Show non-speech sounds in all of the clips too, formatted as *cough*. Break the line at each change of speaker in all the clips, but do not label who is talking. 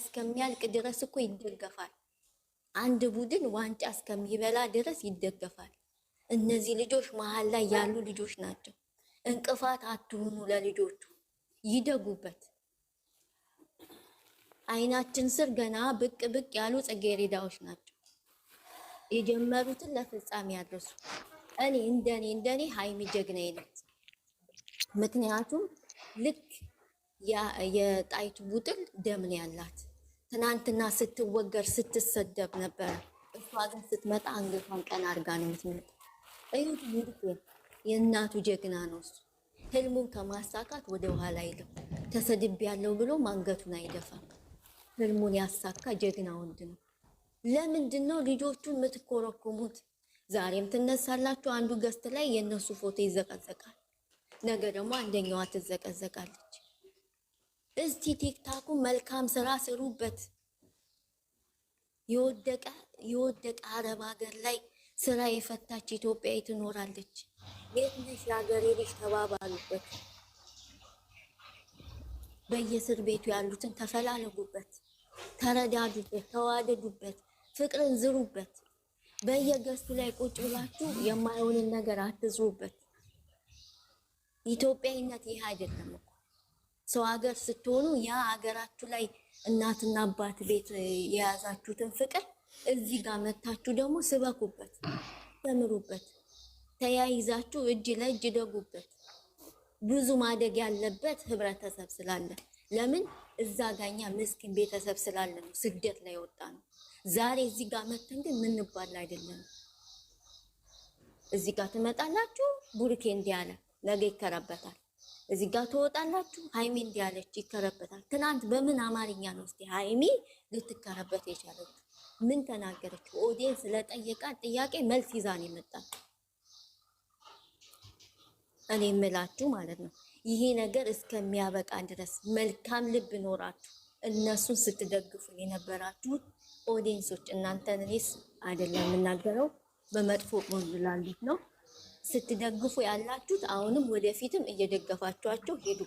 እስከሚያልቅ ድረስ እኮ ይደገፋል። አንድ ቡድን ዋንጫ እስከሚበላ ድረስ ይደገፋል። እነዚህ ልጆች መሀል ላይ ያሉ ልጆች ናቸው። እንቅፋት አትሁኑ ለልጆቹ፣ ይደጉበት። አይናችን ስር ገና ብቅ ብቅ ያሉ ጽጌረዳዎች ናቸው። የጀመሩትን ለፍጻሜ ያድርሱ። እኔ እንደኔ እንደኔ ሀይሚ ጀግና ይነት ምክንያቱም ልክ የጣይቱ ቡጥል ደምን ያላት ትናንትና ስትወገር ስትሰደብ ነበረ። እሷ ግን ስትመጣ አንገቷን ቀና አድርጋ ነው የምትመጣ። እዩት የእናቱ ጀግና ነው እሱ። ህልሙን ከማሳካት ወደ ኋላ አይልም። ተሰድብ ያለው ብሎ አንገቱን አይደፋም። ህልሙን ያሳካ ጀግና ወንድ ነው። ለምንድን ነው ልጆቹን የምትኮረኩሙት? ዛሬም ትነሳላችሁ። አንዱ ገስት ላይ የእነሱ ፎቶ ይዘቀዘቃል። ነገ ደግሞ አንደኛዋ ትዘቀዘቃለች። እስቲ ቲክታኩ መልካም ስራ ስሩበት። የወደቀ የወደቀ አረብ ሀገር ላይ ስራ የፈታች ኢትዮጵያዊ ትኖራለች። የት ነሽ የሀገሬ ልጅ ተባባሉበት። በየእስር ቤቱ ያሉትን ተፈላለጉበት፣ ተረዳዱበት፣ ተዋደዱበት፣ ፍቅርን ዝሩበት። በየገስቱ ላይ ቁጭ ብላችሁ የማይሆንን ነገር አትዝሩበት። ኢትዮጵያዊነት ይህ አይደለም እኮ ሰው ሀገር ስትሆኑ ያ ሀገራችሁ ላይ እናትና አባት ቤት የያዛችሁትን ፍቅር እዚህ ጋር መታችሁ ደግሞ ስበኩበት፣ ተምሩበት፣ ተያይዛችሁ እጅ ለእጅ ደጉበት። ብዙ ማደግ ያለበት ህብረተሰብ ስላለ ለምን እዛ ጋኛ ምስኪን ቤተሰብ ስላለ ነው ስደት ላይ ወጣ ነው። ዛሬ እዚህ ጋር መተን ግን ምንባል አይደለም። እዚህ ጋር ትመጣላችሁ ቡርኬ እንዲያለ ነገ ይከራበታል። እዚህ ጋር ትወጣላችሁ። ሀይሚ እንዲህ አለች ይከረበታል። ትናንት በምን አማርኛ ነው እስኪ ሀይሚ ልትከረበት የቻለች? ምን ተናገረች? ኦዲየንስ ስለጠየቃት ጥያቄ መልስ ይዛን የመጣል እኔ የምላችሁ ማለት ነው ይሄ ነገር እስከሚያበቃ ድረስ መልካም ልብ ኖራችሁ እነሱን ስትደግፉ የነበራችሁ ኦዲየንሶች እናንተን እኔስ አይደለም የምናገረው በመጥፎ ቆንዝላሉት ነው ስትደግፉ ያላችሁት አሁንም ወደፊትም እየደገፋችኋቸው ሄዱ።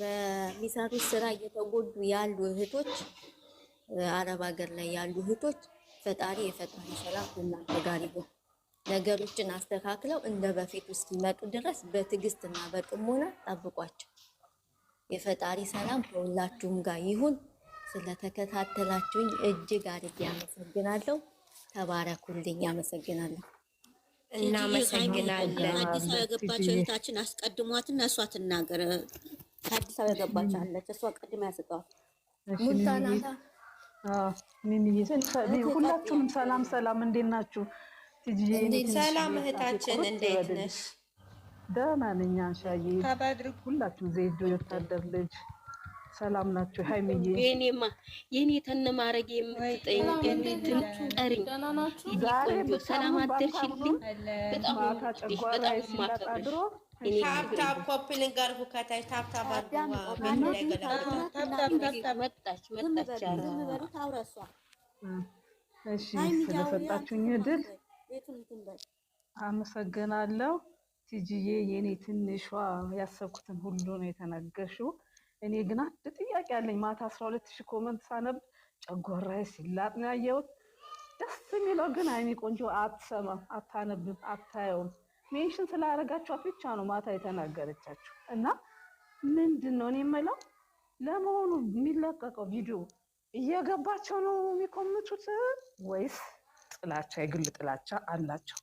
በሚሰሩት ስራ እየተጎዱ ያሉ እህቶች፣ አረብ ሀገር ላይ ያሉ እህቶች ፈጣሪ የፈጣሪ ሰላም እናንተ ጋር ይሁን። ነገሮችን አስተካክለው እንደ በፊቱ እስኪመጡ ድረስ እና በጥሞና ጠብቋቸው። የፈጣሪ ሰላም ከሁላችሁም ጋር ይሁን። ስለተከታተላችሁኝ እጅግ አድርጌ አመሰግናለሁ። ተባረኩልኝ። አመሰግናለሁ።
እናመሰግናለን።
አዲስ አበባ የገባቸው እህታችን አስቀድሟትና እሷ ትናገር። ከአዲስ አበባ የገባች አለች፣ እሷ ቀድማ ያስጠዋል።
ሰላም ሰላም፣ እንዴት ናችሁ?
ሰላም እህታችን እንዴት ነሽ?
ደህና ነኝ። ሻዬ ሁላችሁም ዜዶ የወታደር ልጅ ሰላም ናቸው። ሀይሚዬ
የኔማ የኔ ተነማረግ የምትጠይኝ የምትጠሪኝ
ቆንጆ ሰላም አደርሽልኝ። በጣም በጣም ማከብር
ታብታብ ኮፕልን ጋር ሁካታይ ታብታብ መጣች መጣች
እሺ፣ ስለሰጣችሁኝ እድል አመሰግናለሁ። ቲጂዬ የኔ ትንሿ ያሰብኩትን ሁሉ ነው የተነገሹ እኔ ግን አንድ ጥያቄ አለኝ። ማታ አስራ ሁለት ሺህ ኮመንት ሳነብ ጨጓራዬ ሲላጥ ነው ያየሁት። ደስ የሚለው ግን አይኔ ቆንጆ አትሰማም፣ አታነብም፣ አታየውም። ሜንሽን ስላደረጋችኋት ብቻ ነው ማታ የተናገረቻችሁ እና ምንድን ነው እኔ የምለው ለመሆኑ የሚለቀቀው ቪዲዮ እየገባቸው ነው የሚኮምቱት ወይስ ጥላቻ የግል ጥላቻ አላቸው?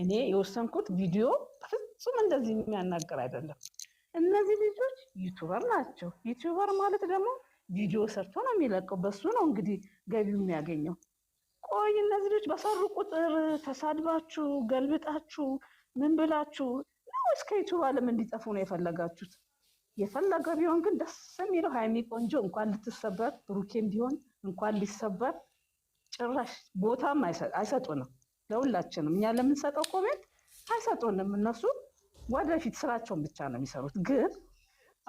እኔ የወሰንኩት ቪዲዮ ፍጹም እንደዚህ የሚያናገር አይደለም። እነዚህ ልጆች ዩቱበር ናቸው። ዩቱበር ማለት ደግሞ ቪዲዮ ሰርቶ ነው የሚለቀው። በሱ ነው እንግዲህ ገቢው የሚያገኘው። ቆይ እነዚህ ልጆች በሰሩ ቁጥር ተሳድባችሁ፣ ገልብጣችሁ፣ ምን ብላችሁ ነው እስከ ዩቱብ ዓለም እንዲጠፉ ነው የፈለጋችሁት። የፈለገው ቢሆን ግን ደስ የሚለው ሀይሚ ቆንጆ እንኳን ልትሰበር፣ ብሩኬም ቢሆን እንኳን ሊሰበር ጭራሽ ቦታም አይሰጡንም። ለሁላችንም እኛ ለምንሰጠው ኮሜንት አይሰጡንም እነሱ ወደፊት ስራቸውን ብቻ ነው የሚሰሩት። ግን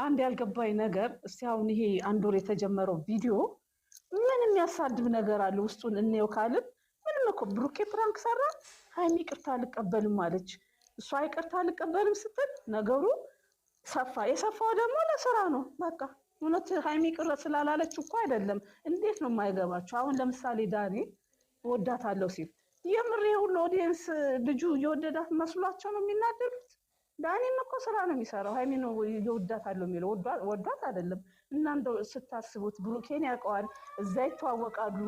አንድ ያልገባኝ ነገር እስቲ አሁን ይሄ አንድ ወር የተጀመረው ቪዲዮ ምን የሚያሳድብ ነገር አለ? ውስጡን እንየው ካልን ምንም እኮ ብሩኬ ፕራንክ ሰራ፣ ሀይሚ ይቅርታ አልቀበልም አለች። እሷ ይቅርታ አልቀበልም ስትል ነገሩ ሰፋ። የሰፋው ደግሞ ለስራ ነው በቃ እውነት ሀይሚ ቅር ስላላለች እኮ አይደለም። እንዴት ነው የማይገባቸው? አሁን ለምሳሌ ዳኔ እወዳታለሁ ሲል የምሬ ሁሉ ኦዲየንስ ልጁ የወደዳት መስሏቸው ነው የሚናደዱት። ዳኒም እኮ ስራ ነው የሚሰራው። ሀይሚ ነው እወዳታለሁ የሚለው ወዷት አይደለም። እናንተ ስታስቡት ብሩኬን ያውቀዋል፣ እዛ ይተዋወቃሉ።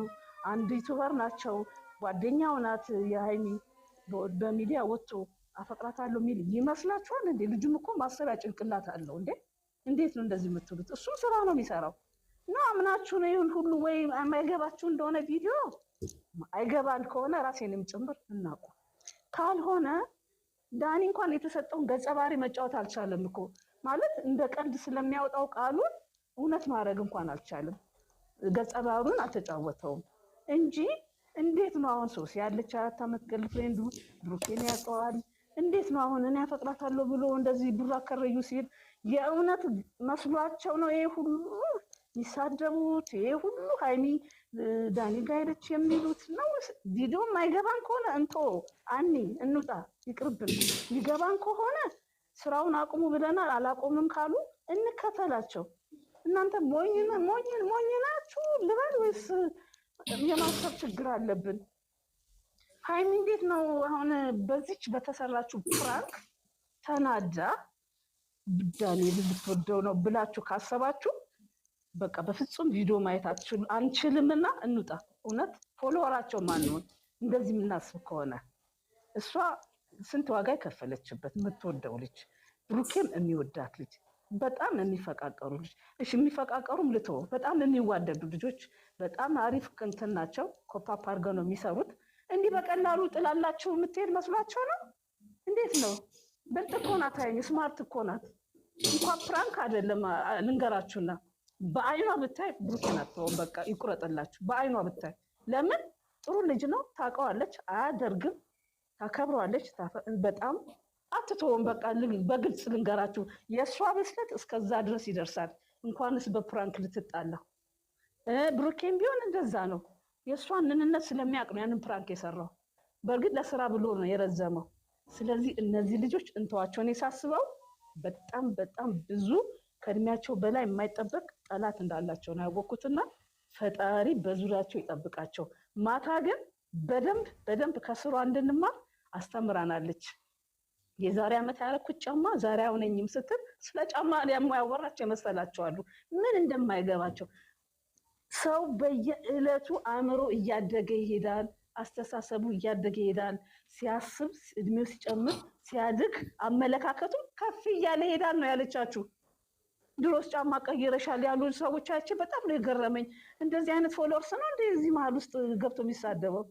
አንድ ዩቱበር ናቸው፣ ጓደኛው ናት የሀይሚ በሚዲያ ወጥቶ አፈቅራታለሁ የሚል ይመስላችኋል እንዴ? ልጁም እኮ ማሰቢያ ጭንቅላት አለው እንዴ! እንዴት ነው እንደዚህ የምትሉት? እሱም ስራ ነው የሚሰራው እና አምናችሁ ነው ይሁን ሁሉ ወይ የማይገባችሁ እንደሆነ ቪዲዮ አይገባል ከሆነ ራሴንም ጭምር እናቁ ካልሆነ ዳኒ እንኳን የተሰጠውን ገጸ ባህሪ መጫወት አልቻለም እኮ ማለት እንደ ቀንድ ስለሚያወጣው ቃሉን እውነት ማድረግ እንኳን አልቻለም። ገጸ ባህሩን አልተጫወተውም እንጂ እንዴት ነው አሁን ሶስ ያለች አራት ዓመት ገርል ፍሬንዱ ብሩኬን ያውቀዋል። እንዴት ነው አሁን እኔ አፈቅራታለሁ ብሎ እንደዚህ ዱራ አከረዩ ሲል የእውነት መስሏቸው ነው ይሄ ሁሉ የሚሳደቡት ይሄ ሁሉ ሀይሚ ዳኒ ጋይረች የሚሉት ነው። ቪዲዮ ማይገባን ከሆነ እንቶ አኒ እንውጣ፣ ይቅርብን። ይገባን ከሆነ ስራውን አቁሙ ብለናል። አላቆምም ካሉ እንከተላቸው። እናንተ ሞኝ ሞኝ ናችሁ ልበል ወይስ የማሰብ ችግር አለብን? ሀይሚ እንዴት ነው አሁን በዚች በተሰራችሁ ፕራንክ ተናዳ ዳኒ ልትወደው ነው ብላችሁ ካሰባችሁ በቃ በፍጹም ቪዲዮ ማየት አንችልምና እንውጣ። እውነት ፎሎወራቸው ማንሆን እንደዚህ የምናስብ ከሆነ እሷ ስንት ዋጋ የከፈለችበት የምትወደው ልጅ፣ ብሩኬም የሚወዳት ልጅ፣ በጣም የሚፈቃቀሩ ልጅ። እሺ የሚፈቃቀሩም ልተው፣ በጣም የሚዋደዱ ልጆች፣ በጣም አሪፍ ቅንትን ናቸው። ኮፓፕ አድርገው ነው የሚሰሩት። እንዲህ በቀላሉ ጥላላቸው የምትሄድ መስሏቸው ነው? እንዴት ነው? ብልጥ እኮ ናት፣ ስማርት እኮ ናት። እንኳን ፕራንክ አይደለም ልንገራችሁና በአይኗ ብታይ ብሩኬን አትተውም። በቃ ይቁረጥላችሁ። በአይኗ ብታይ ለምን ጥሩ ልጅ ነው፣ ታውቀዋለች፣ አያደርግም፣ ታከብረዋለች። በጣም አትተውም። በቃ በግልጽ ልንገራችሁ፣ የእሷ ብስለት እስከዛ ድረስ ይደርሳል። እንኳንስ በፕራንክ ልትጣላ። ብሩኬን ቢሆን እንደዛ ነው። የእሷን ምንነት ስለሚያውቅ ነው ያንን ፕራንክ የሰራው። በእርግጥ ለስራ ብሎ ነው የረዘመው። ስለዚህ እነዚህ ልጆች እንተዋቸውን የሳስበው በጣም በጣም ብዙ ከእድሜያቸው በላይ የማይጠበቅ ጠላት እንዳላቸው ነው ያወቅኩትና ፈጣሪ በዙሪያቸው ይጠብቃቸው። ማታ ግን በደንብ በደንብ ከስሯ እንድንማር አስተምራናለች። የዛሬ ዓመት ያረኩት ጫማ ዛሬ አሁነኝም ስትል ስለ ጫማ የማያወራቸው የመሰላቸዋሉ ምን እንደማይገባቸው ሰው በየዕለቱ አእምሮ እያደገ ይሄዳል። አስተሳሰቡ እያደገ ይሄዳል። ሲያስብ እድሜው ሲጨምር ሲያድግ አመለካከቱም ከፍ እያለ ይሄዳል ነው ያለቻችሁ። ድሮስ ጫማ ቀይረሻል ያሉ ሰዎቻችን በጣም ነው የገረመኝ። እንደዚህ አይነት ፎሎወርስ ነው እንደዚህ መሀል ውስጥ ገብቶ የሚሳደበው።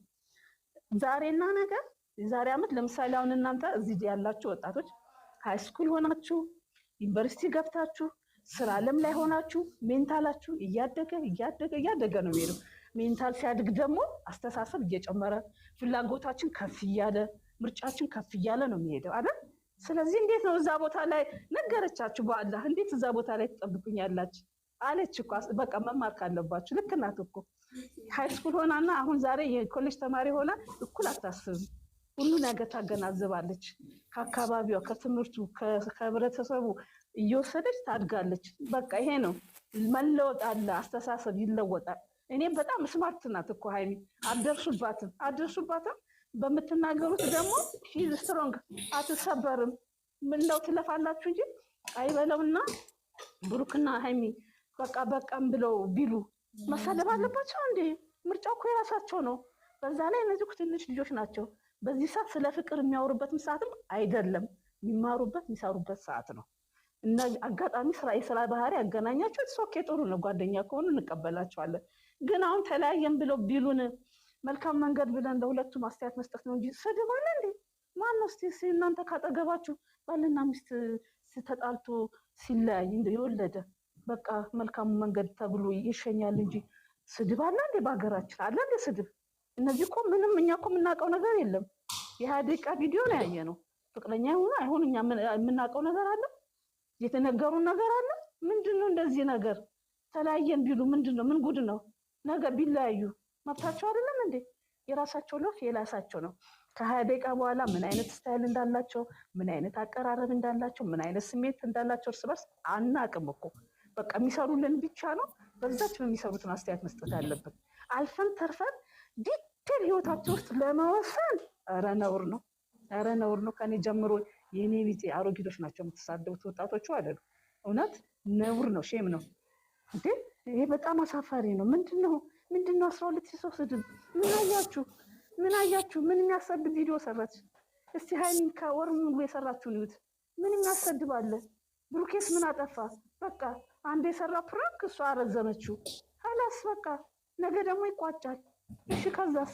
ዛሬና ነገር የዛሬ ዓመት ለምሳሌ አሁን እናንተ እዚህ ያላችሁ ወጣቶች ሃይስኩል ሆናችሁ ዩኒቨርሲቲ ገብታችሁ ስራ አለም ላይ ሆናችሁ ሜንታላችሁ እያደገ እያደገ እያደገ ነው የሚሄደው። ሜንታል ሲያድግ ደግሞ አስተሳሰብ እየጨመረ ፍላጎታችን ከፍ እያለ ምርጫችን ከፍ እያለ ነው የሚሄደው አይደል? ስለዚህ እንዴት ነው እዛ ቦታ ላይ ነገረቻችሁ፣ በአላህ እንዴት እዛ ቦታ ላይ ትጠብቁኛላችሁ አለች እኮ። በቃ መማር ካለባችሁ ልክ ናት እኮ ሃይስኩል ሆናና አሁን ዛሬ የኮሌጅ ተማሪ ሆና እኩል አታስብም። ሁሉ ነገር ታገናዝባለች። ከአካባቢዋ፣ ከትምህርቱ፣ ከህብረተሰቡ እየወሰደች ታድጋለች። በቃ ይሄ ነው መለወጥ አለ። አስተሳሰብ ይለወጣል። እኔም በጣም ስማርት ናት እኮ ሀይሚ። አደርሱባትም አደርሱባትም በምትናገሩት ደግሞ ሺዝ ስትሮንግ አትሰበርም። ምን ነው ትለፋላችሁ እንጂ አይበለውና ብሩክና ሀይሚ በቃ በቃም ብለው ቢሉ መሳደብ አለባቸው እንዴ? ምርጫው እኮ የራሳቸው ነው። በዛ ላይ እነዚህ ትንሽ ልጆች ናቸው። በዚህ ሰዓት ስለ ፍቅር የሚያወሩበትም ሰዓትም አይደለም፣ የሚማሩበት የሚሰሩበት ሰዓት ነው። እና አጋጣሚ ስራ የስራ ባህሪ ያገናኛቸው ሶኬ ጥሩ ነው። ጓደኛ ከሆኑ እንቀበላቸዋለን። ግን አሁን ተለያየን ብለው ቢሉን መልካም መንገድ ብለን ለሁለቱም አስተያየት መስጠት ነው እንጂ ስድብ አለ እንዴ? ማን ነው እስኪ እናንተ ካጠገባችሁ ባልና ሚስት ተጣልቶ ሲለያይ የወለደ በቃ መልካሙ መንገድ ተብሎ ይሸኛል እንጂ ስድብ አለ እንዴ? በሀገራችን አለ እንዴ ስድብ? እነዚህ እኮ ምንም እኛ እኮ የምናውቀው ነገር የለም። የሀደቃ ቪዲዮ ነው ያየ ነው። ፍቅረኛ ይሁን አይሁን እኛ የምናውቀው ነገር አለ። የተነገሩን ነገር አለ። ምንድን ነው እንደዚህ ነገር ተለያየን ቢሉ ምንድን ነው ምን ጉድ ነው ነገ ቢለያዩ መብታቸው አይደለም እንዴ? የራሳቸው ሎፍ የላሳቸው ነው። ከሀያ ደቂቃ በኋላ ምን አይነት ስታይል እንዳላቸው፣ ምን አይነት አቀራረብ እንዳላቸው፣ ምን አይነት ስሜት እንዳላቸው እርስ በርስ አናቅም እኮ በቃ የሚሰሩልን ብቻ ነው። በዛች የሚሰሩትን አስተያየት መስጠት ያለብን። አልፈን ተርፈን ዲቴል ህይወታቸው ውስጥ ለመወሰን ረ ነውር ነው፣ ኧረ ነውር ነው። ከኔ ጀምሮ የኔ ቢጤ አሮጊቶች ናቸው የምትሳደቡት ወጣቶቹ አይደሉ። እውነት ነውር ነው፣ ሼም ነው። ይሄ በጣም አሳፋሪ ነው። ምንድን ነው ምንድን ነው አስራ ሁለት ሺህ ሰው ስድብ? ምን አያችሁ? ምን አያችሁ? ምን የሚያሰድብ ቪዲዮ ሰራች? እስቲ ሀይሚን ከወር ሙሉ የሰራችሁን ይዩት። ምን የሚያሰድብ አለ? ብሩኬስ ምን አጠፋ? በቃ አንድ የሰራ ፕራንክ እሷ አረዘመችው። ሀላስ በቃ ነገ ደግሞ ይቋጫል። እሺ ከዛስ?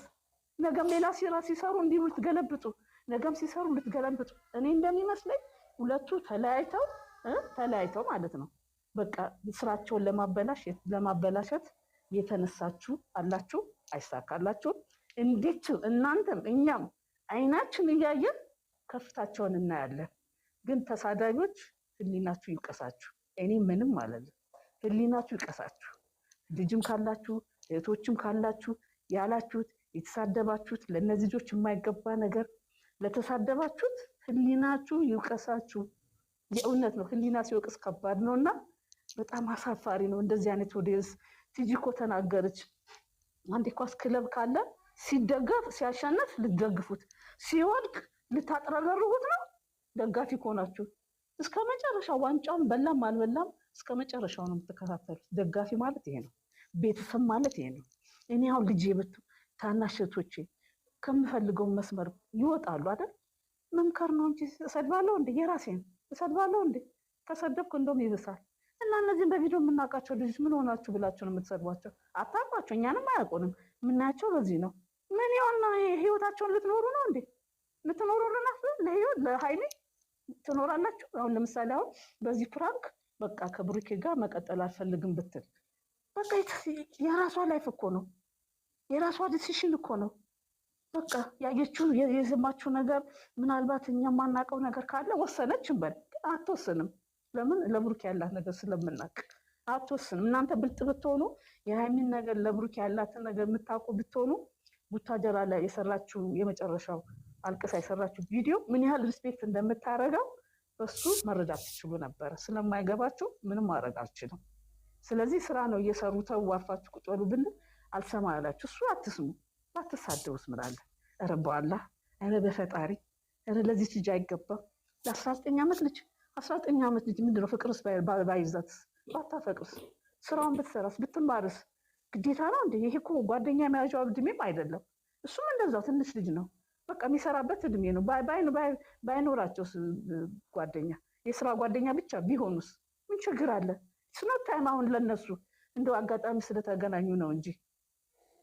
ነገም ሌላ ስራ ሲሰሩ እንዲሁ ልትገለብጡ፣ ነገም ሲሰሩ ልትገለብጡ። እኔ እንደሚመስለኝ ሁለቱ ተለያይተው ተለያይተው ማለት ነው በቃ ስራቸውን ለማበላሸት የተነሳችሁ አላችሁ፣ አይሳካላችሁም። እንዴት እናንተም እኛም አይናችን እያየን ከፍታቸውን እናያለን። ግን ተሳዳቢዎች ህሊናችሁ ይውቀሳችሁ። እኔ ምንም አለለም፣ ህሊናችሁ ይውቀሳችሁ። ልጅም ካላችሁ እህቶችም ካላችሁ ያላችሁት የተሳደባችሁት ለእነዚህ ልጆች የማይገባ ነገር ለተሳደባችሁት ህሊናችሁ ይውቀሳችሁ። የእውነት ነው። ህሊና ሲወቅስ ከባድ ነው እና በጣም አሳፋሪ ነው እንደዚህ አይነት ወደስ ቲጂ እኮ ተናገረች። አንድ ኳስ ክለብ ካለ ሲደገፍ ሲያሸንፍ ልትደግፉት፣ ሲወድቅ ልታጥረገርጉት ነው። ደጋፊ ከሆናችሁ እስከ መጨረሻ ዋንጫውን በላም አልበላም እስከ መጨረሻው ነው የምትከታተሉት። ደጋፊ ማለት ይሄ ነው። ቤተሰብ ማለት ይሄ ነው። እኔ አሁን ልጅ ብቱ ታናሸቶቼ ከምፈልገው መስመር ይወጣሉ አይደል? መምከር ነው እንጂ እሰድባለሁ እንዴ? የራሴን እሰድባለሁ እንዴ? ከሰደብክ እንደውም ይብሳል። እና እነዚህም በቪዲዮ የምናውቃቸው ልጆች ምን ሆናችሁ ብላችሁ ነው የምትሰድቧቸው? አታውቋቸው፣ እኛንም አያውቁንም። የምናያቸው በዚህ ነው። ምን ሆን ህይወታቸውን ልትኖሩ ነው እንዴ? ልትኖሩልን ለህይወት ለሀይሜ ትኖራላችሁ። አሁን ለምሳሌ አሁን በዚህ ፕራንክ በቃ ከብሩኬ ጋር መቀጠል አልፈልግም ብትል በቃ የራሷ ላይፍ እኮ ነው፣ የራሷ ዲሲሽን እኮ ነው። በቃ ያየችው የሰማችው ነገር ምናልባት እኛ የማናውቀው ነገር ካለ ወሰነች እንበል፣ አትወስንም ለምን ለብሩክ ያላት ነገር ስለምናውቅ አትወስንም። እናንተ ብልጥ ብትሆኑ የሃይሚን ነገር ለብሩክ ያላትን ነገር የምታውቁ ብትሆኑ ቡታጀራ ላይ የሰራችው የመጨረሻው አልቅሳ የሰራችው ቪዲዮ ምን ያህል ሪስፔክት እንደምታረገው በሱ መረዳት ትችሉ ነበረ። ስለማይገባችሁ ምንም ማድረግ አልችልም። ስለዚህ ስራ ነው እየሰሩ ተው አርፋችሁ ቁጭ በሉ ብንል አልሰማ ያላችሁ እሱ አትስሙ፣ አትሳደቡስ ምናለን። ኧረ በአላህ ኧረ በፈጣሪ ኧረ ለዚህ ልጅ አይገባም ለአስራ ዘጠኝ ዓመት ልጅ አስራ ዘጠኝ ዓመት ልጅ ምንድነው ፍቅርስ ባይዛት ባታፈቅርስ ስራውን ብትሰራስ ብትማርስ ግዴታ ነው እንዴ? ይሄ እኮ ጓደኛ መያዣ እድሜም አይደለም። እሱም እንደዛው ትንሽ ልጅ ነው። በቃ የሚሰራበት እድሜ ነው። ባይኖራቸው ጓደኛ የስራ ጓደኛ ብቻ ቢሆኑስ ምን ችግር አለ? ስኖት ታይም አሁን ለነሱ እንደው አጋጣሚ ስለተገናኙ ነው እንጂ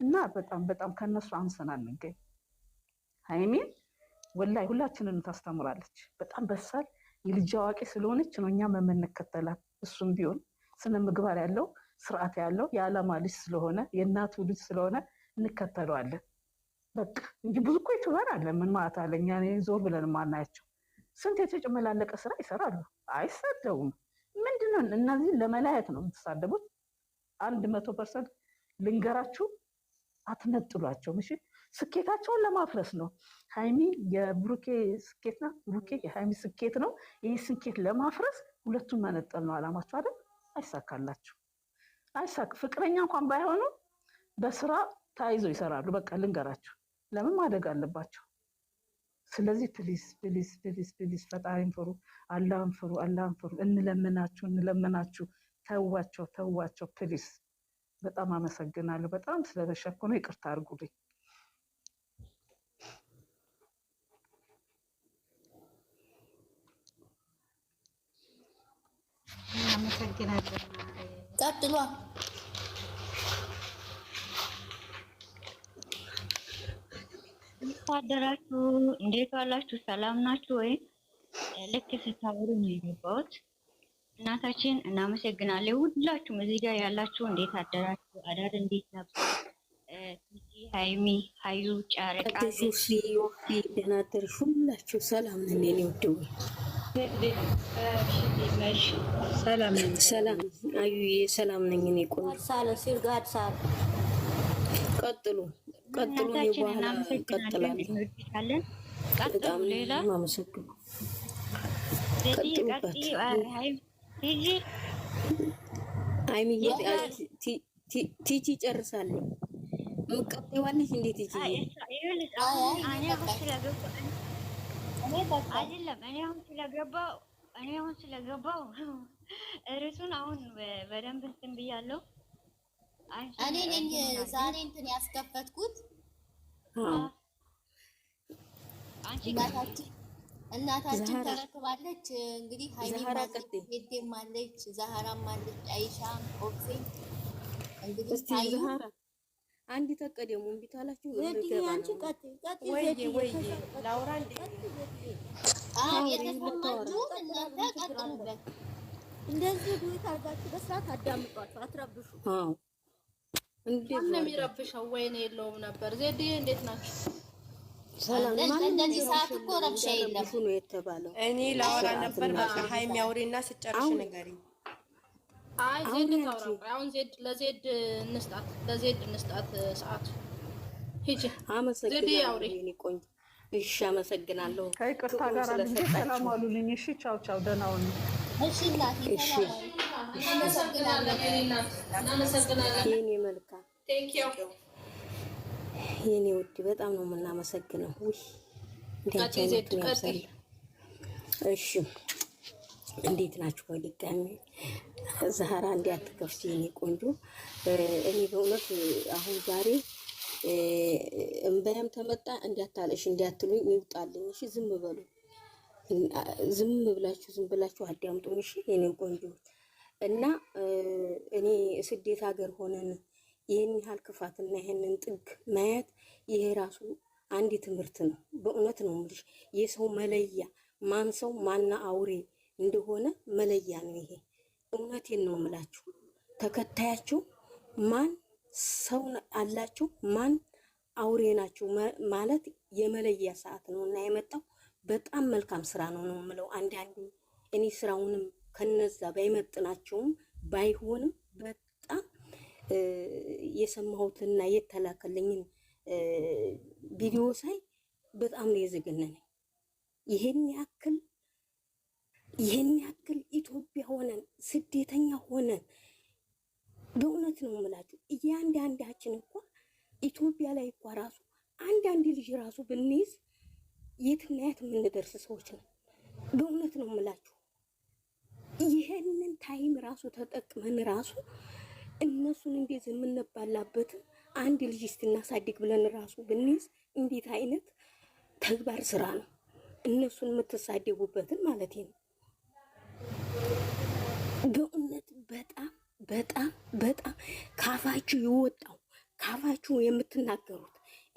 እና በጣም በጣም ከነሱ አንሰና አንገኝ። ሀይሚን ወላይ ሁላችንን ታስተምራለች። በጣም በሳል የልጅ አዋቂ ስለሆነች ነው እኛም የምንከተላት። እሱም ቢሆን ስነ ምግባር ያለው ስርዓት ያለው የዓላማ ልጅ ስለሆነ የእናቱ ልጅ ስለሆነ እንከተለዋለን። በቃ እንጂ ብዙ እኮ ዩቱበር አለ። ምን ማለት አለ? እኛ ዞር ብለን ማናያቸው ስንት የተጨመላለቀ ስራ ይሰራሉ። አይሳደቡም። ምንድነው? እነዚህ ለመላየት ነው የምትሳደቡት። አንድ መቶ ፐርሰንት ልንገራችሁ አትነጥሏቸውም። እሺ ስኬታቸውን ለማፍረስ ነው። ሀይሚ የብሩኬ ስኬት ናት፣ ብሩኬ የሀይሚ ስኬት ነው። ይህ ስኬት ለማፍረስ ሁለቱን መነጠል ነው አላማቸው አይደል? አይሳካላቸው አይሳካ። ፍቅረኛ እንኳን ባይሆኑ በስራ ተያይዘው ይሰራሉ። በቃ ልንገራቸው፣ ለምን ማደግ አለባቸው። ስለዚህ ፕሊስ ፕሊስ ፕሊስ ፕሊስ ፈጣሪን ፍሩ፣ አላህን ፍሩ፣ አላህን ፍሩ። እንለምናችሁ እንለምናችሁ፣ ተዋቸው ተዋቸው ፕሊስ። በጣም አመሰግናለሁ። በጣም ስለተሸኮነ ይቅርታ አድርጉልኝ።
አመሰግናለሁ። ቀጥሏ አደራችሁ። እንዴት ዋላችሁ? ሰላም ናችሁ ወይ? ልክ ስታወሩ ነው የገባሁት። እናታችን እናመሰግናለን። ሁላችሁም እዚህ ጋር ያላችሁ እንዴት አደራችሁ? አዳር እንዴት ነበር? ሀይሚ፣ ሃይሚ፣ ሃዩ፣
ደህና አደርሽ? ሁላችሁ ሰላም ነን። እኔ ወደው ሰላም ነኝ፣
ሰላም አዩዬ፣ ሰላም ነኝ። እኔ ቆይ ሳለ ሲል ቀጥሉ፣ ቀጥሉ። እኔ በኋላ ቀጥላለሁ። ቀጥሉበት። ሀይሚዬ ቲቺ ጨርሳለች። ምቀጤዋለች እንዴ ቲቺ አይደለም።
እኔ አሁን ስለገባው እኔ አሁን ስለገባው *laughs* ርዕሱን አሁን በደንብ እንትን ብያለሁ። እኔ ነኝ ዛሬ እንትን ያስከፈትኩት። እናታችን ተረክባለች። እንግዲህ
ሀይሚም
አለች፣ ዛህራም አለች፣ አይሻም ኦፌ እንግዲህ አንድ ተቀደሙ እምቢ ታላችሁ እንደዚህ ነው የሚረብሸው። ወይኔ የለውም ነበር ዜድዬ፣ እንዴት ናችሁ? እንደዚህ ሰዓት እኮ ረብሻ የለም ነው
የተባለው። እኔ ላወራ ነበር። ሀይሚ አውሪና ስጨርሽ ንገሪኝ።
አይ ዜድ ታውራ። አሁን ዜድ ለዜድ እንስጣት፣ ለዜድ እንስጣት ሰዓቱ። ሂጂ
ዜድ አውሪ። እሺ አመሰግናለሁ።
ከይቅርታ ጋር ሰላም አሉልኝ። እሺ ቻው ቻው፣ ደህና ሁኑ።
እሺ እናቴ እናመሰግናለን። እናመሰግናለን። ይህን መልካም ቴንኪው የኔ ውድ በጣም ነው የምናመሰግነው። ውይ እሺ፣ እንዴት ናችሁ? በድጋሚ ዛህራ እንዲያትከፍች የኔ ቆንጆ፣ እኔ በእውነት አሁን ዛሬ እንበያም ተመጣ እንዲያታለሽ እንዲያትሉኝ ይውጣልኝ። እሺ፣ ዝም በሉ፣ ዝም ብላችሁ ዝም ብላችሁ አዳምጡኝ። እሺ የኔ ቆንጆ እና እኔ ስደት ሀገር ሆነን ይህን ያህል ክፋትና ይህንን ጥግ ማየት ይሄ ራሱ አንድ ትምህርት ነው። በእውነት ነው የምልሽ። የሰው መለያ ማን ሰው ማና አውሬ እንደሆነ መለያ ነው ይሄ። እውነቴን ነው የምላችሁ። ተከታያችሁ ማን ሰው አላችሁ ማን አውሬ ናችሁ ማለት የመለያ ሰዓት ነው እና የመጣው በጣም መልካም ስራ ነው ነው የምለው። አንዳንዴ እኔ ስራውንም ከነዛ ባይመጥናቸውም ባይሆንም የሰማሁትና የተላከልኝን ቪዲዮ ሳይ በጣም ነው የዘገነነኝ። ይህን ያክል ይሄን ያክል ኢትዮጵያ ሆነን ስደተኛ ሆነን በእውነት ነው የምላችሁ እያንዳንዳችን እኳ ኢትዮጵያ ላይ እኳ ራሱ አንዳንድ ልጅ ራሱ ብንይዝ የትና የት የምንደርስ ሰዎች ነው። በእውነት ነው የምላችሁ ይህንን ታይም ራሱ ተጠቅመን ራሱ እነሱን እንዴት የምንባላበትን አንድ ልጅ እስቲ እናሳድግ ብለን ራሱ ብንይዝ እንዴት አይነት ተግባር ስራ ነው? እነሱን የምትሳደቡበትን ማለት ነው። በእውነት በጣም በጣም በጣም ካፋችሁ የወጣው ካፋችሁ የምትናገሩት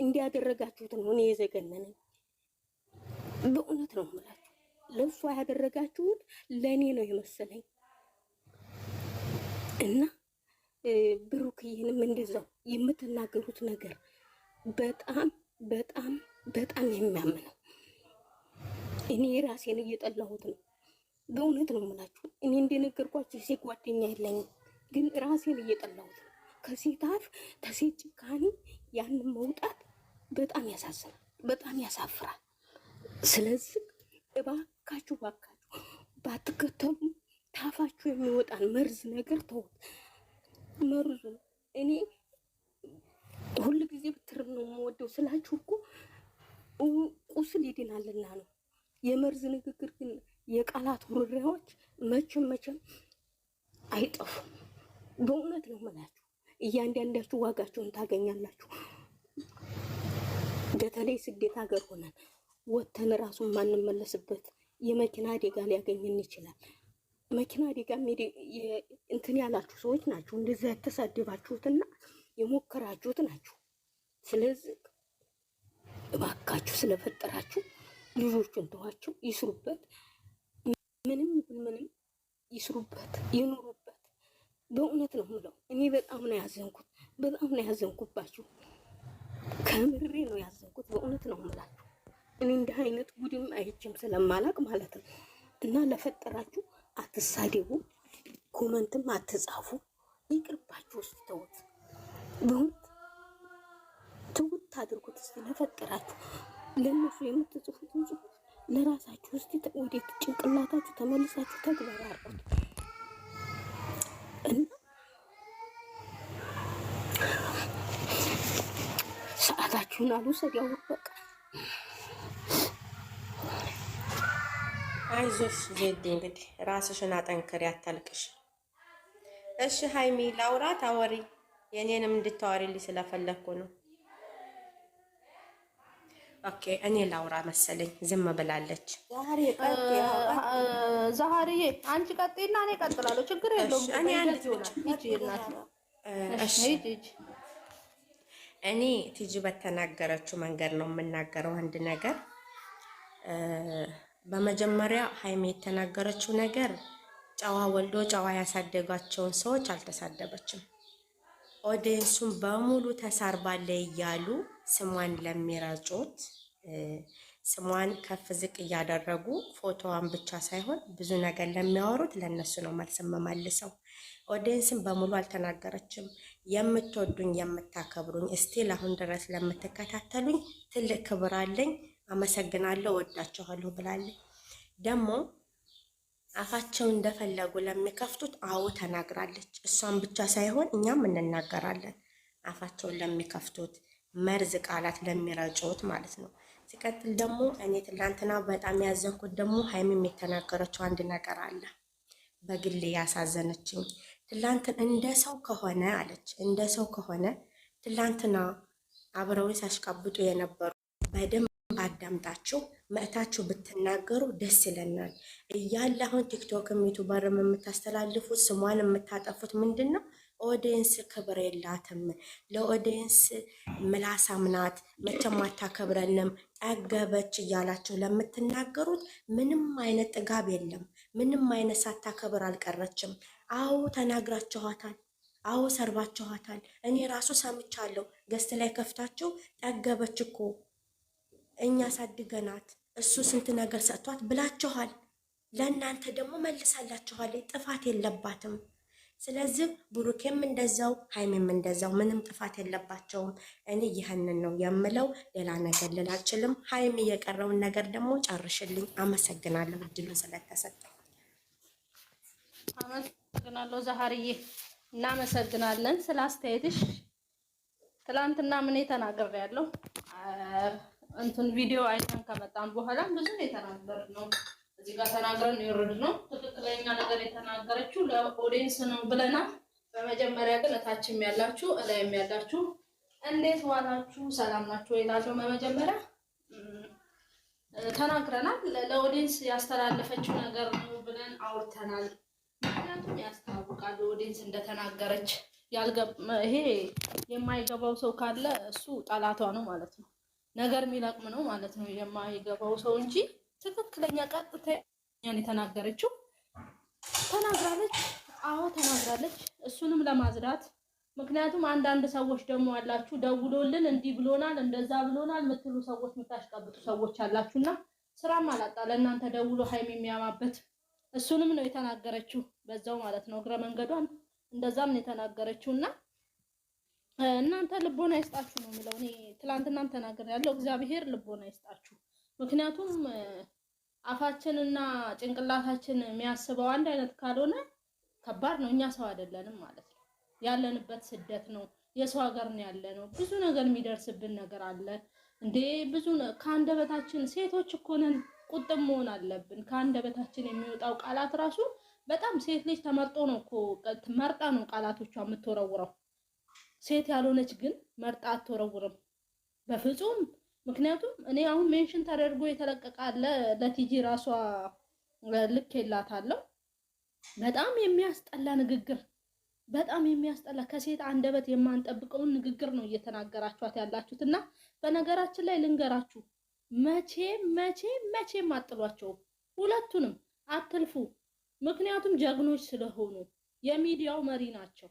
እንዲያደረጋችሁት ነው እኔ የዘገነነኝ። በእውነት ነው የምላችሁ፣ ለእሷ ያደረጋችሁት ለእኔ ነው የመሰለኝ እና ይህንም እንደዛው የምትናገሩት ነገር በጣም በጣም በጣም የሚያምነው እኔ ራሴን እየጠላሁት ነው። በእውነት ነው የምላችሁ። እኔ እንደነገርኳችሁ ሴት ጓደኛ የለኝም፣ ግን ራሴን እየጠላሁት ነው። ከሴት አፍ ከሴት ጭካኔ ያንን መውጣት በጣም ያሳዝናል፣ በጣም ያሳፍራል። ስለዚህ እባካችሁ እባካችሁ ባትከተሉ ታፋችሁ የሚወጣን መርዝ ነገር ተውት። መርዙ እኔ ሁል ጊዜ ብትርም ነው የምወደው ስላችሁ እኮ ቁስል ይድናልና ነው። የመርዝ ንግግር ግን የቃላት ውርሪያዎች መቼም መቼም አይጠፉም። በእውነት ነው የምላችሁ፣ እያንዳንዳችሁ ዋጋችሁን ታገኛላችሁ። በተለይ ስደት ሀገር ሆነን ወተን ራሱን ማንመለስበት የመኪና አደጋ ሊያገኝን ይችላል። መኪና አደጋ እንትን ያላችሁ ሰዎች ናችሁ። እንደዚያ የተሳደባችሁትና የሞከራችሁት ናችሁ። ስለዚህ እባካችሁ ስለፈጠራችሁ ልጆቹን ተዋቸው፣ ይስሩበት። ምንም ይሁን ምንም ይስሩበት፣ ይኑሩበት። በእውነት ነው የምለው። እኔ በጣም ነው ያዘንኩት፣ በጣም ነው ያዘንኩባችሁ። ከምሬ ነው ያዘንኩት። በእውነት ነው የምላችሁ። እኔ እንዲህ አይነት ጉድም አይቼም ስለማላቅ ማለት ነው እና ለፈጠራችሁ አትሳደቡ፣ ኮመንትም አትጻፉ። ይቅርባችሁ። ውስጥ ተውት፣ በሁት ትውት አድርጉት። እስቲ ለፈጠራችሁ ለእነሱ የምትጽፉትን ጽፉ፣ ለራሳችሁ እስቲ ወዴት ጭንቅላታችሁ ተመልሳችሁ ተግባር አድርጉት እና ሰዓታችሁን አሉ ሰዲያው በቃ አይዞሽ ዜዴ እንግዲህ ራስሽን አጠንክሪ፣ አታልቅሽ። እሺ ሀይሚ ላውራ ታወሪ የእኔንም እንድታወሪልኝ ስለፈለግኩ ነው። ኦኬ እኔ ላውራ መሰለኝ ዝም ብላለች።
ዛሬ አንቺ ቀጥይና እኔ እቀጥላለሁ። ችግር የለውም።
እኔ ቲጂ በተናገረችው መንገድ ነው የምናገረው አንድ ነገር በመጀመሪያ ሀይሜ የተናገረችው ነገር ጨዋ ወልዶ ጨዋ ያሳደጋቸውን ሰዎች አልተሳደበችም። ኦዲየንሱን በሙሉ ተሳርባለ እያሉ ስሟን ለሚረጩት ስሟን ከፍ ዝቅ እያደረጉ ፎቶዋን ብቻ ሳይሆን ብዙ ነገር ለሚያወሩት ለእነሱ ነው መልስ የምመልሰው። ኦዲየንስን በሙሉ አልተናገረችም። የምትወዱኝ የምታከብሩኝ፣ እስቲል አሁን ድረስ ለምትከታተሉኝ ትልቅ ክብር አለኝ። አመሰግናለሁ፣ ወዳችኋለሁ ብላለች። ደግሞ አፋቸው እንደፈለጉ ለሚከፍቱት አዎ ተናግራለች። እሷን ብቻ ሳይሆን እኛም እንናገራለን። አፋቸውን ለሚከፍቱት መርዝ ቃላት ለሚረጩት ማለት ነው። ሲቀጥል ደግሞ እኔ ትላንትና በጣም ያዘንኩት ደግሞ ሀይሚም የተናገረችው አንድ ነገር አለ በግሌ ያሳዘነችኝ። ትላንትን እንደ ሰው ከሆነ አለች እንደ ሰው ከሆነ ትላንትና አብረው ሲያሽቃብጡ የነበሩ በደም አዳምጣቸው መእታችሁ ብትናገሩ ደስ ይለናል እያለ አሁን ቲክቶክም ዩቱበርም የምታስተላልፉት ስሟን የምታጠፉት ምንድን ነው? ኦዲየንስ ክብር የላትም። ለኦዲየንስ ምላሳም ናት፣ መቼም አታከብረንም፣ ጠገበች እያላችሁ ለምትናገሩት ምንም አይነት ጥጋብ የለም። ምንም አይነት ሳታከብር አልቀረችም። አዎ ተናግራችኋታል። አዎ ሰርባችኋታል። እኔ ራሱ ሰምቻለሁ። ገስት ላይ ከፍታችሁ ጠገበች እኮ እኛ አሳድገናት እሱ ስንት ነገር ሰጥቷት ብላችኋል። ለእናንተ ደግሞ መልሳላችኋል። ጥፋት የለባትም። ስለዚህ ብሩኬም እንደዛው ሀይሜም እንደዛው ምንም ጥፋት የለባቸውም። እኔ ይህንን ነው የምለው፣ ሌላ ነገር ልል አልችልም። ሀይሜ የቀረውን ነገር ደግሞ ጨርሽልኝ። አመሰግናለሁ እድሉን ስለተሰጠ
አመሰግናለሁ ዛሀርዬ፣ እናመሰግናለን ስለ አስተያየትሽ። ትላንትና ምን ተናግሬያለሁ? እንትን ቪዲዮ አይተን ከመጣን በኋላ ብዙ የተናገር ነው እዚህ ጋር ተናግረን ይርድ ነው ትክክለኛ ነገር የተናገረችው ለኦዲየንስ ነው ብለናል። በመጀመሪያ ግን እታችም ያላችሁ እላይም ያላችሁ እንዴት ዋላችሁ? ሰላም ናችሁ ወይ ላለው በመጀመሪያ ተናግረናል። ለኦዲየንስ ያስተላለፈችው ነገር ነው ብለን አውርተናል። ምክንያቱም ያስታውቃል ኦዲየንስ እንደተናገረች ይሄ የማይገባው ሰው ካለ እሱ ጠላቷ ነው ማለት ነው። ነገር የሚለቅም ነው ማለት ነው የማይገባው ሰው እንጂ ትክክለኛ ቀጥተኛን የተናገረችው ተናግራለች። አዎ ተናግራለች። እሱንም ለማዝራት ምክንያቱም አንዳንድ ሰዎች ደግሞ አላችሁ ደውሎልን እንዲህ ብሎናል እንደዛ ብሎናል ምትሉ ሰዎች የምታሽቀብጡ ሰዎች አላችሁና ስራም አላጣ ለእናንተ ደውሎ ሀይም የሚያማበት እሱንም ነው የተናገረችው በዛው ማለት ነው እግረ መንገዷን እንደዛም ነው የተናገረችው እና እናንተ ልቦና ይስጣችሁ ነው የምለው። እኔ ትላንትናም ያለው እግዚአብሔር ልቦና ይስጣችሁ። ምክንያቱም አፋችንና ጭንቅላታችን የሚያስበው አንድ አይነት ካልሆነ ከባድ ነው። እኛ ሰው አይደለንም ማለት ነው። ያለንበት ስደት ነው፣ የሰው ሀገር ነው ያለ ነው። ብዙ ነገር የሚደርስብን ነገር አለ እንዴ ብዙ ከአንደበታችን ሴቶች እኮ ነን፣ ቁጥብ መሆን አለብን። ከአንደበታችን የሚወጣው ቃላት ራሱ በጣም ሴት ልጅ ተመርጦ ነው እኮ መርጣ ነው ቃላቶቿ የምትወረውረው ሴት ያልሆነች ግን መርጣ አትወረውርም በፍጹም። ምክንያቱም እኔ አሁን ሜንሽን ተደርጎ የተለቀቀ አለ ለቲጂ ራሷ ልክ የላታለሁ። በጣም የሚያስጠላ ንግግር፣ በጣም የሚያስጠላ ከሴት አንደበት የማንጠብቀውን ንግግር ነው እየተናገራችኋት ያላችሁት። እና በነገራችን ላይ ልንገራችሁ፣ መቼም መቼም መቼም አጥሏቸውም ሁለቱንም አትልፉ። ምክንያቱም ጀግኖች ስለሆኑ የሚዲያው መሪ ናቸው።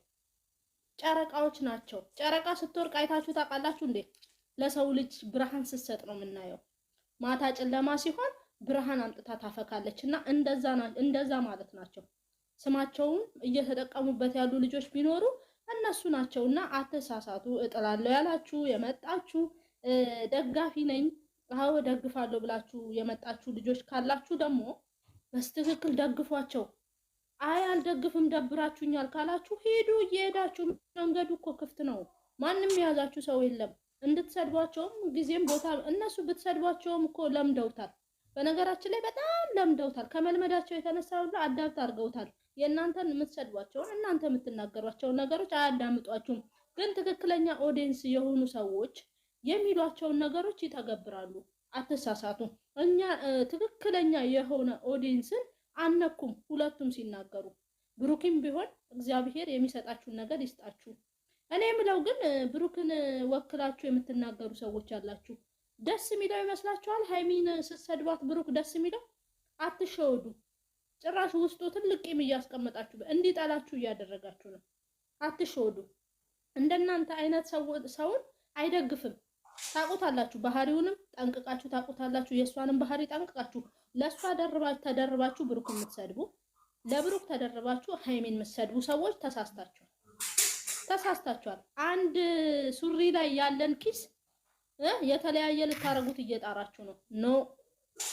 ጨረቃዎች ናቸው። ጨረቃ ስትወርቅ አይታችሁ ታውቃላችሁ እንዴ? ለሰው ልጅ ብርሃን ስትሰጥ ነው የምናየው። ማታ ጨለማ ሲሆን ብርሃን አምጥታ ታፈካለች። እና እንደዛ ማለት ናቸው። ስማቸውን እየተጠቀሙበት ያሉ ልጆች ቢኖሩ እነሱ ናቸው። እና አተሳሳቱ እጥላለሁ ያላችሁ የመጣችሁ ደጋፊ ነኝ አዎ ደግፋለሁ ብላችሁ የመጣችሁ ልጆች ካላችሁ ደግሞ በስትክክል ደግፏቸው። አይ አልደግፍም ደብራችሁኛል ካላችሁ ሄዱ። እየሄዳችሁ መንገዱ እኮ ክፍት ነው። ማንም የያዛችሁ ሰው የለም። እንድትሰድቧቸውም ጊዜም ቦታ እነሱ ብትሰድቧቸውም እኮ ለምደውታል። በነገራችን ላይ በጣም ለምደውታል። ከመልመዳቸው የተነሳ ሁሉ አዳብት አድርገውታል። የእናንተን የምትሰድቧቸውን እናንተ የምትናገሯቸውን ነገሮች አያዳምጧችሁም። ግን ትክክለኛ ኦዲየንስ የሆኑ ሰዎች የሚሏቸውን ነገሮች ይተገብራሉ። አትሳሳቱ። እኛ ትክክለኛ የሆነ ኦዲየንስን አነኩም ሁለቱም ሲናገሩ ብሩክም ቢሆን እግዚአብሔር የሚሰጣችሁን ነገር ይስጣችሁ። እኔ የምለው ግን ብሩክን ወክላችሁ የምትናገሩ ሰዎች አላችሁ። ደስ የሚለው ይመስላችኋል? ሀይሚን ስትሰድባት ብሩክ ደስ የሚለው አትሸወዱ። ጭራሽ ውስጡ ትልቅ ቂም እያስቀመጣችሁ እንዲጠላችሁ እያደረጋችሁ ነው። አትሸወዱ። እንደናንተ አይነት ሰውን አይደግፍም። ታቁታላችሁ፣ ባህሪውንም ጠንቅቃችሁ ታቁታላችሁ። የእሷንም ባህሪ ጠንቅቃችሁ ለእሷ ተደርባችሁ ብሩክ የምትሰድቡ ለብሩክ ተደርባችሁ ሀይሜን የምትሰድቡ ሰዎች ተሳስታችኋል፣ ተሳስታችኋል። አንድ ሱሪ ላይ ያለን ኪስ የተለያየ ልታረጉት እየጣራችሁ ነው። ኖ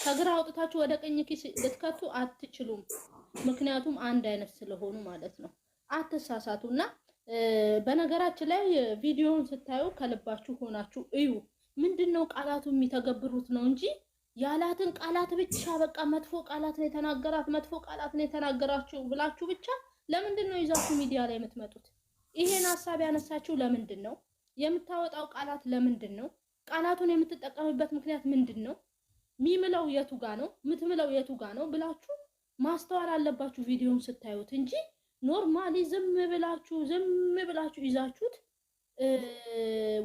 ከግራ አውጥታችሁ ወደ ቀኝ ኪስ ልትከቱ አትችሉም። ምክንያቱም አንድ አይነት ስለሆኑ ማለት ነው። አትሳሳቱ እና በነገራችን ላይ ቪዲዮውን ስታዩ ከልባችሁ ሆናችሁ እዩ። ምንድን ነው ቃላቱ የሚተገብሩት ነው እንጂ ያላትን ቃላት ብቻ በቃ መጥፎ ቃላት ነው የተናገራት፣ መጥፎ ቃላት ነው የተናገራችሁ ብላችሁ ብቻ ለምንድን ነው ይዛችሁ ሚዲያ ላይ የምትመጡት? ይሄን ሀሳብ ያነሳችሁ ለምንድን ነው? የምታወጣው ቃላት ለምንድን ነው? ቃላቱን የምትጠቀምበት ምክንያት ምንድን ነው? ሚምለው የቱጋ ነው? ምትምለው የቱጋ ነው ብላችሁ ማስተዋል አለባችሁ ቪዲዮን ስታዩት እንጂ ኖርማሊ ዝም ብላችሁ ዝም ብላችሁ ይዛችሁት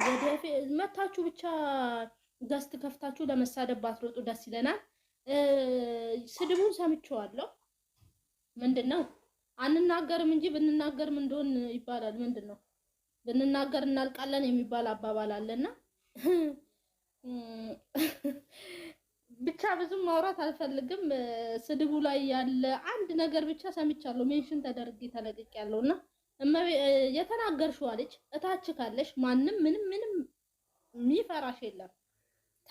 ወደ መታችሁ ብቻ ገስት ከፍታችሁ ለመሳደብ ባትሮጡ ደስ ይለናል። ስድቡን ሰምቼዋለሁ። ምንድን ነው አንናገርም እንጂ ብንናገርም እንደሆን ይባላል። ምንድን ነው ብንናገር እናልቃለን የሚባል አባባል አለና *laughs* ብቻ ብዙም ማውራት አልፈልግም። ስድቡ ላይ ያለ አንድ ነገር ብቻ ሰምቻለሁ። ሜንሽን ተደርጌ ተለቅቅ ያለውና የተናገርሽዋ ልጅ እታች ካለሽ ማንም ምንም ምንም ሚፈራሽ የለም።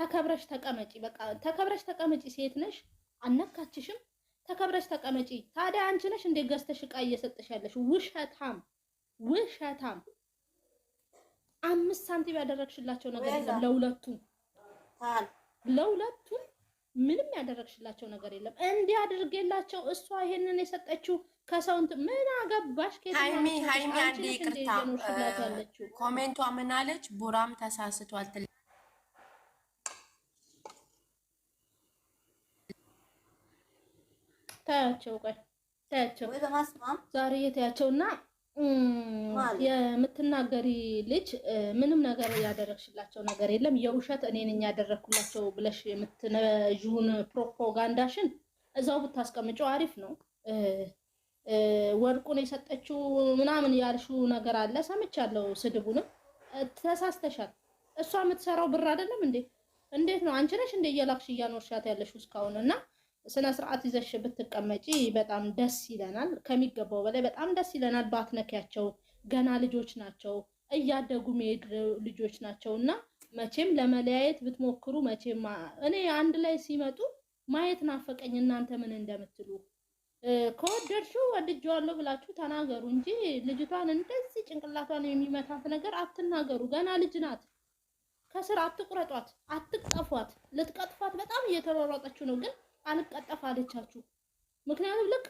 ተከብረሽ ተቀመጪ። በቃ ተከብረሽ ተቀመጪ። ሴት ነሽ፣ አነካችሽም። ተከብረሽ ተቀመጪ። ታዲያ አንቺ ነሽ እንዴ ገዝተሽ ዕቃ እየሰጠሽ ያለሽ? ውሸታም ውሸታም። አምስት ሳንቲም ያደረግሽላቸው ነገር የለም ለሁለቱም ለሁለቱም ምንም ያደረግሽላቸው ነገር የለም። እንዲህ አድርጌላቸው እሷ ይሄንን የሰጠችው ከሰው ምን አገባሽ?
ሃይሚ ሃይሚ አንዴ ይቅርታ፣ ኮሜንቷ ምን አለች? ቡራም ተሳስቷል።
ታያቸው ቆይ ታያቸው ዛሬ የታያቸው እና የምትናገሪ ልጅ ምንም ነገር ያደረግሽላቸው ነገር የለም። የውሸት እኔ ነኝ ያደረግኩላቸው ብለሽ የምትነዥውን ፕሮፓጋንዳሽን እዛው ብታስቀምጨው አሪፍ ነው። ወርቁን የሰጠችው ምናምን ያልሽው ነገር አለ ሰምቻለሁ። ስድቡንም ተሳስተሻል። እሷ የምትሰራው ብር አይደለም እንዴ? እንዴት ነው አንቺ ነሽ እንደ እየላክሽ እያኖርሻት ያለሽው እስካሁን እና ስነ ስርዓት ይዘሽ ብትቀመጪ በጣም ደስ ይለናል። ከሚገባው በላይ በጣም ደስ ይለናል። ባትነኪያቸው ገና ልጆች ናቸው፣ እያደጉ መሄድ ልጆች ናቸው እና መቼም ለመለያየት ብትሞክሩ መቼም እኔ አንድ ላይ ሲመጡ ማየት ናፈቀኝ። እናንተ ምን እንደምትሉ ከወደድሽው ወድጄዋለሁ ብላችሁ ተናገሩ እንጂ ልጅቷን እንደዚህ ጭንቅላቷን የሚመታት ነገር አትናገሩ። ገና ልጅ ናት። ከስር አትቁረጧት፣ አትቅጠፏት። ልትቀጥፏት በጣም እየተሯሯጠችው ነው ግን አልቀጠፍ አለቻችሁ። ምክንያቱም ልክ